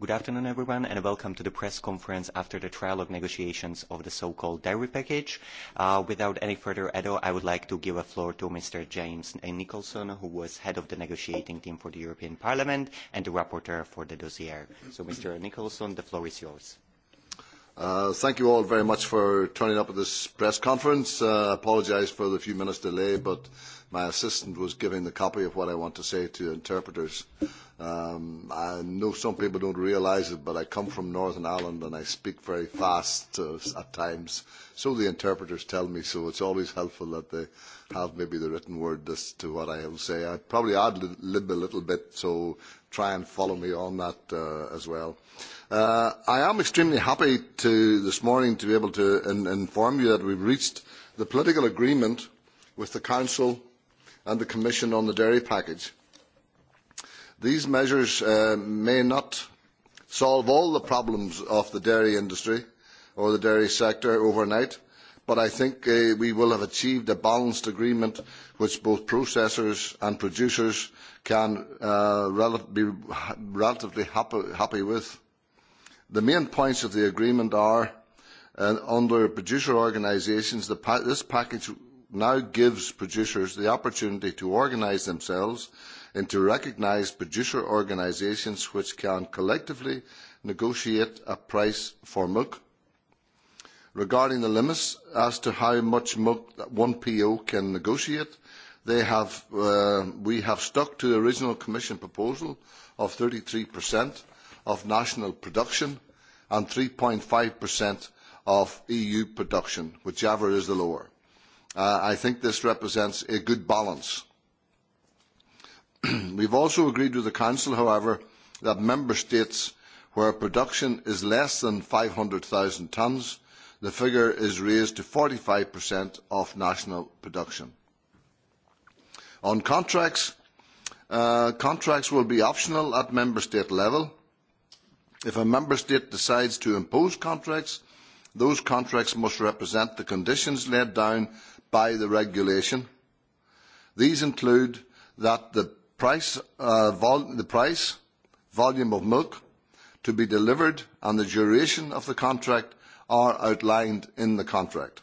Good afternoon, everyone, and welcome to the press conference after the trialogue negotiations of the so-called dairy package. Uh, without any further ado, I would like to give a floor to Mr. James Nicholson, who was head of the negotiating team for the European Parliament and the rapporteur for the dossier. So, Mr. Nicholson, the floor is yours. Uh, thank you all very much for turning up at this press conference. I uh, apologise for the few minutes delay, but my assistant was giving the copy of what I want to say to interpreters. Um, I know some people don't realise it, but I come from Northern Ireland and I speak very fast uh, at times. So the interpreters tell me, so it's always helpful that they have maybe the written word as to what I will say. I probably ad lib a little bit, so try and follow me on that uh, as well. Uh, I am extremely happy to, this morning to be able to in inform you that we have reached the political agreement with the Council and the Commission on the dairy package. These measures uh, may not solve all the problems of the dairy industry or the dairy sector overnight, but I think uh, we will have achieved a balanced agreement which both processors and producers can uh, rel be relatively happy, happy, with. The main points of the agreement are uh, under producer organisations, pa this package now gives producers the opportunity to organise themselves into recognised producer organisations which can collectively negotiate a price for milk. Regarding the limits as to how much milk that one PO can negotiate, have, uh, we have stuck to the original Commission proposal of thirty 33% of national production and three 3.5% of EU production, whichever is the lower. Uh, I think this represents a good balance. we have also agreed with the Council, however, that Member States where production is less than five hundred 500,000 tonnes, the figure is raised to forty 45% of national production. On contracts, uh, contracts will be optional at member state level. If a member state decides to impose contracts those contracts must represent the conditions laid down by the regulation. These include that the price, uh, vol the price volume of milk to be delivered and the duration of the contract are outlined in the contract.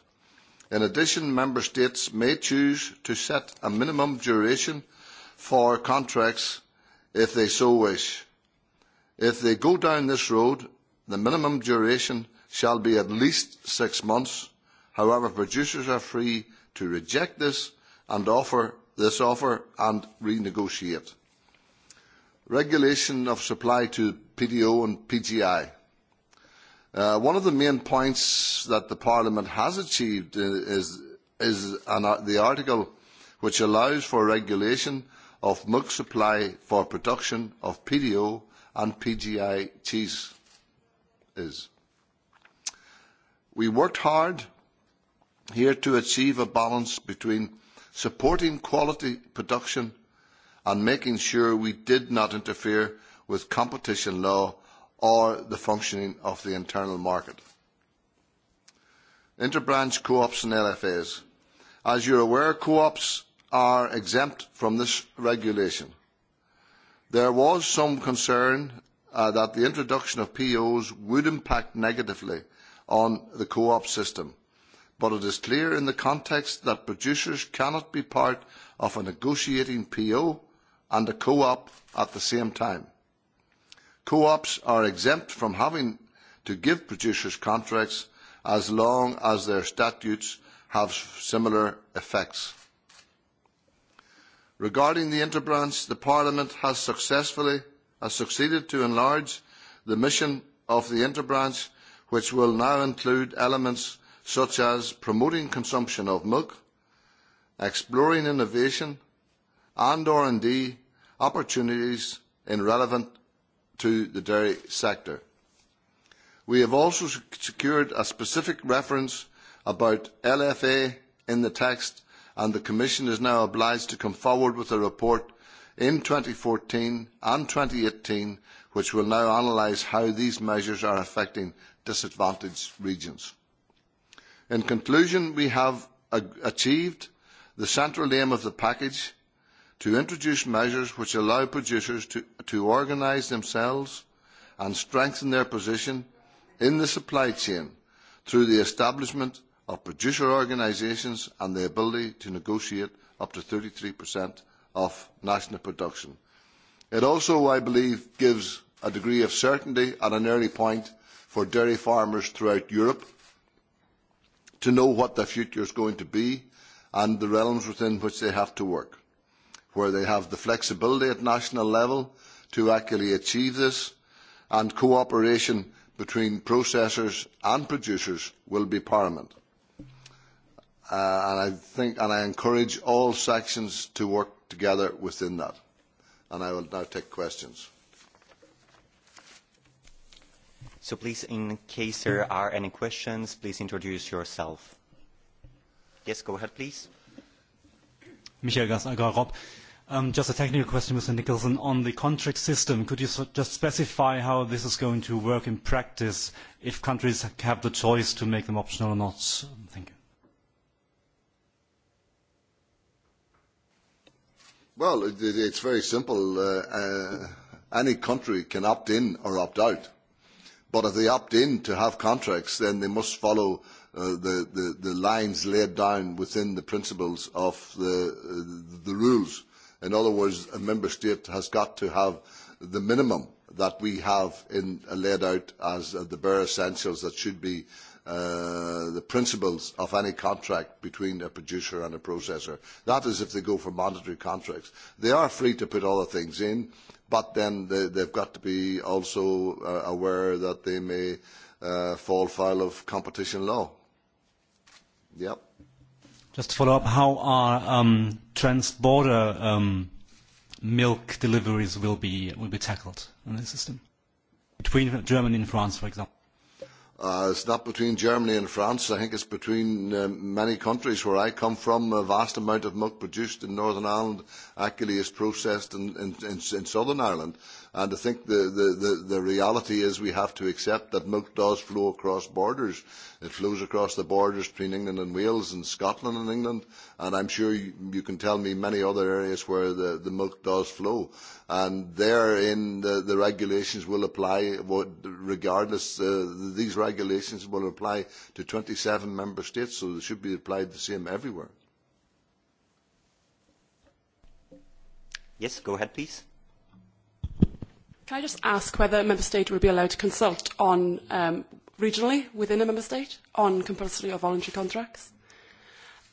In addition, Member States may choose to set a minimum duration for contracts if they so wish. If they go down this road, the minimum duration shall be at least six months. However, producers are free to reject this and offer this offer and renegotiate. Regulation of supply to PDO and PGI. Uh, one of the main points that the Parliament has achieved uh, is, is an, uh, the article which allows for regulation of milk supply for production of PDO and PGI cheese. Is. We worked hard here to achieve a balance between supporting quality production and making sure we did not interfere with competition law or the functioning of the internal market. Interbranch co-ops and LFAs. As you are aware, co-ops are exempt from this regulation. There was some concern uh, that the introduction of POs would impact negatively on the co-op system. But it is clear in the context that producers cannot be part of a negotiating PO and a co-op at the same time. Co-ops are exempt from having to give producers contracts as long as their statutes have similar effects. Regarding the interbranch, the Parliament has successfully has succeeded to enlarge the mission of the interbranch which will now include elements such as promoting consumption of milk, exploring innovation and R&D opportunities in relevant to the dairy sector. We have also secured a specific reference about LFA in the text and the Commission is now obliged to come forward with a report in fourteen and eighteen, which will now analyse how these measures are affecting disadvantaged regions. In conclusion, we have achieved the central aim of the package to introduce measures which allow producers to, to organise themselves and strengthen their position in the supply chain through the establishment of producer organisations and the ability to negotiate up to thirty 33% of national production. It also, I believe, gives a degree of certainty at an early point for dairy farmers throughout Europe to know what their future is going to be and the realms within which they have to work, where they have the flexibility at national level to actually achieve this, and cooperation between processors and producers will be paramount. Uh, and I think, and I encourage all sections to work together within that. And I will now take questions. So please, in case there are any questions, please introduce yourself. Yes, go ahead, please. Michael Gasser, Um Just a technical question, Mr. Nicholson. On the contract system, could you just specify how this is going to work in practice if countries have the choice to make them optional or not? Thank you. Well, it, it it's very simple. Uh, uh, any country can opt in or opt out But if they opt in to have contracts, then they must follow uh, the, the, the, lines laid down within the principles of the, uh, the, rules. In other words, a member state has got to have the minimum that we have in, uh, laid out as uh, the bare essentials that should be uh, the principles of any contract between a producer and a processor. That is if they go for mandatory contracts. They are free to put other things in but then they, they've got to be also uh, aware that they may uh, fall foul of competition law. Yep. Just to follow up, how are um, trans border um, milk deliveries will be will be tackled in the system between Germany and France, for example? Uh, it's not between Germany and France. I think it's between uh, many countries where I come from. A vast amount of milk produced in Northern Ireland actually is processed in, in, in, in Southern Ireland. And I think the, the, the, the reality is we have to accept that milk does flow across borders. It flows across the borders between England and Wales and Scotland and England. And I'm sure you, you can tell me many other areas where the, the milk does flow. And therein the, the regulations will apply regardless. Uh, these regulations will apply to twenty seven member states, so they should be applied the same everywhere. Yes, go ahead, please. Can I just ask whether a member state will be allowed to consult on um, regionally within a member state on compulsory or voluntary contracts?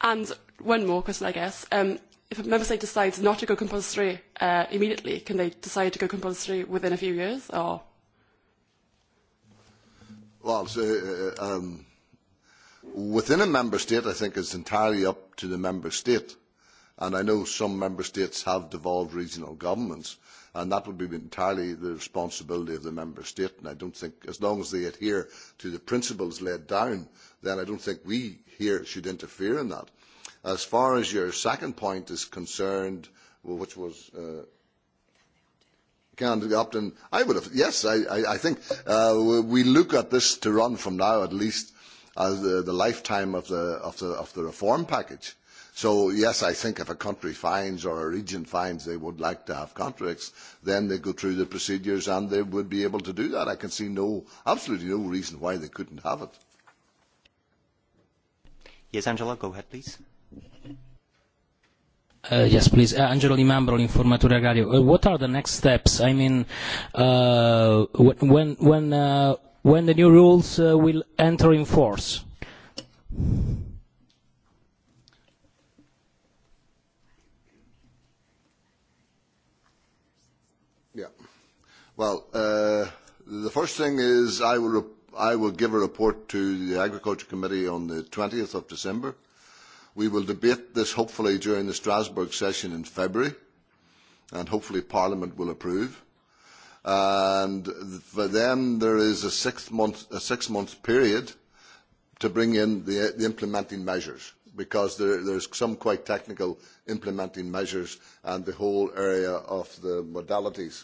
And one more question, I guess. Um, if a member state decides not to go compulsory uh, immediately, can they decide to go compulsory within a few years? Or well, so, uh, um, within a member state, I think it's entirely up to the member state And I know some member states have devolved regional governments, and that would be entirely the responsibility of the member state. And I don't think, as long as they adhere to the principles laid down, then I don't think we here should interfere in that. As far as your second point is concerned, which was uh, the opt-in, I would have, yes, I, I, I think uh, we look at this to run from now at least as the, the lifetime of the, of, the, of the reform package so yes, I think if a country finds or a region finds they would like to have contracts, then they go through the procedures and they would be able to do that. I can see no, absolutely no reason why they couldn't have it. Yes, Angela, go ahead, please. Uh, yes, please. Uh, Angelo Di Mambro, Informatore Agrario. Uh, what are the next steps? I mean, uh, when when uh, when the new rules uh, will enter in force? Well, uh, the first thing is I will, I will give a report to the Agriculture Committee on the 20th of December. We will debate this hopefully during the Strasbourg session in February, and hopefully Parliament will approve. And for them, there is a six-month a six month period to bring in the, the implementing measures, because there there's some quite technical implementing measures and the whole area of the modalities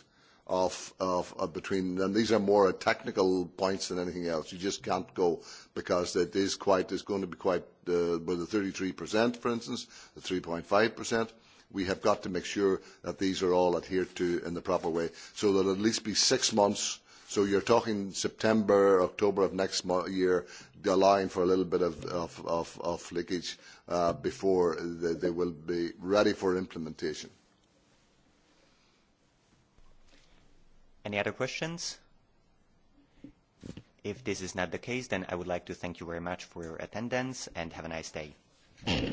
of, of, of uh, between them. These are more technical points than anything else. You just can't go because it is quite, it's going to be quite, uh, with the 33%, for instance, the 3.5%. We have got to make sure that these are all adhered to in the proper way so that at least be six months So you're talking September, October of next year, allowing for a little bit of, of, of, of leakage uh, before they, they will be ready for implementation. Any other questions? If this is not the case, then I would like to thank you very much for your attendance and have a nice day.